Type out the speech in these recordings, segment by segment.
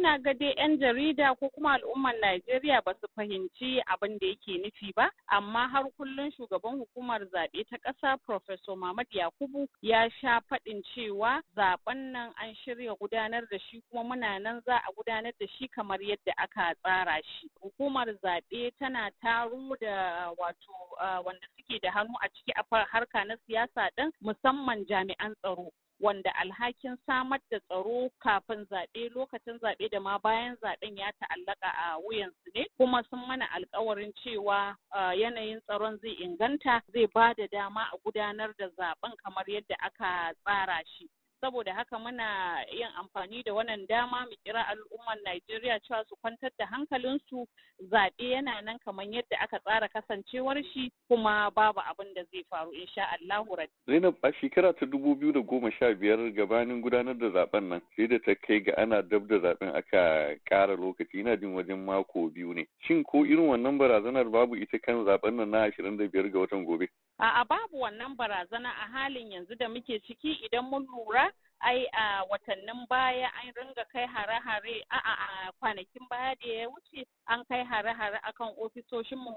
ina ga dai 'yan jarida ko kuma al'ummar Najeriya ba su fahimci abin da yake nufi ba, amma har kullum shugaban hukumar zaɓe ta ƙasa Professor Mamad Yakubu ya sha faɗin cewa zaɓen nan an shirya gudanar da shi kuma muna nan za a gudanar da shi kamar yadda aka tsara shi. Hukumar zaɓe tana taro da wato ah, wanda suke da hannu a ciki a harka na siyasa ɗin musamman jami'an tsaro. wanda alhakin samar da tsaro kafin zaɓe lokacin zaɓe da ma bayan zaɓen ya ta'allaka a wuyansu ne kuma sun mana alkawarin cewa yanayin tsaron zai inganta zai ba da dama a gudanar da zaɓen kamar yadda aka tsara shi saboda haka muna yin amfani da wannan dama mu kira al'ummar Najeriya cewa su kwantar da hankalinsu zaɓe yana nan kamar yadda aka tsara kasancewar shi kuma babu abin da zai faru insha Allah Zainab a shekara ta dubu biyu da goma sha biyar gabanin gudanar da zaben nan sai da ta kai ga ana dab da zaben aka ƙara lokaci ina jin wajen mako biyu ne shin ko irin wannan barazanar babu ita kan zaben nan na ashirin da biyar ga watan gobe. A'a babu wannan barazana a halin yanzu da muke ciki idan mun lura ai a watannin baya an ringa kai hare-hare a kwanakin baya da ya wuce an kai hare-hare akan ofisoshinmu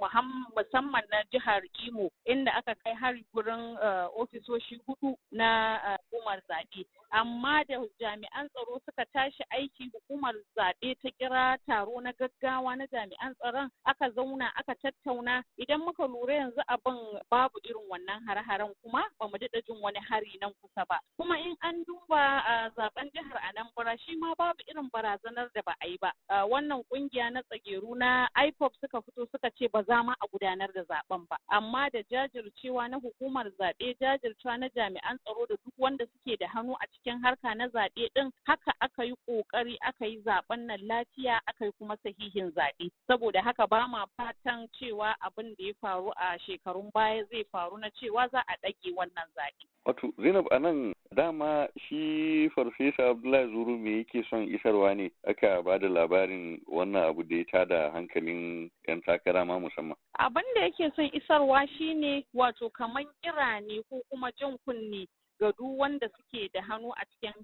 musamman na jihar Imo inda aka kai har gurin eh, ofisoshi hudu na eh, hukumar zaɓe amma da jami'an tsaro suka tashi aiki hukumar zaɓe ta kira taro na gaggawa na jami'an tsaron aka zauna aka tattauna idan muka lura yanzu abin babu irin wannan har-haren kuma ba mu daɗa jin wani hari nan kusa ba kuma in an duba zaben jihar anambra shi ma babu irin barazanar da ba a yi ba wannan ƙungiya na tsageru na ipop suka fito suka ce ba za ma a gudanar da zaben ba amma da jajircewa na hukumar zaɓe jajircewa na jami'an tsaro da duk wanda suke da hannu a cikin harka na zaɓe ɗin haka aka yi ƙoƙari aka yi zaɓen nan lafiya aka yi kuma sahihin zaɓe saboda haka ba ma fatan cewa abin da ya faru a shekarun baya zai faru na cewa za a ɗage wannan zaɓe. Wato Zainab a nan dama shi Farfesa Abdullahi Zuru me yake son isarwa ne aka ba da labarin wannan abu da ya tada hankalin 'yan takara ma musamman. Abin da yake son isarwa shine wato kaman kira ne ko kuma jin kunne ga duk wanda suke da hannu a cikin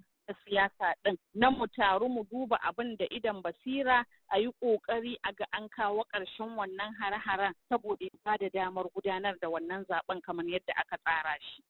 siyasa ɗin na mu taru mu duba abin da idan basira a yi ƙoƙari a ga an kawo ƙarshen wannan hare-haren saboda ya ba da damar gudanar da wannan zaben kamar yadda aka tsara shi.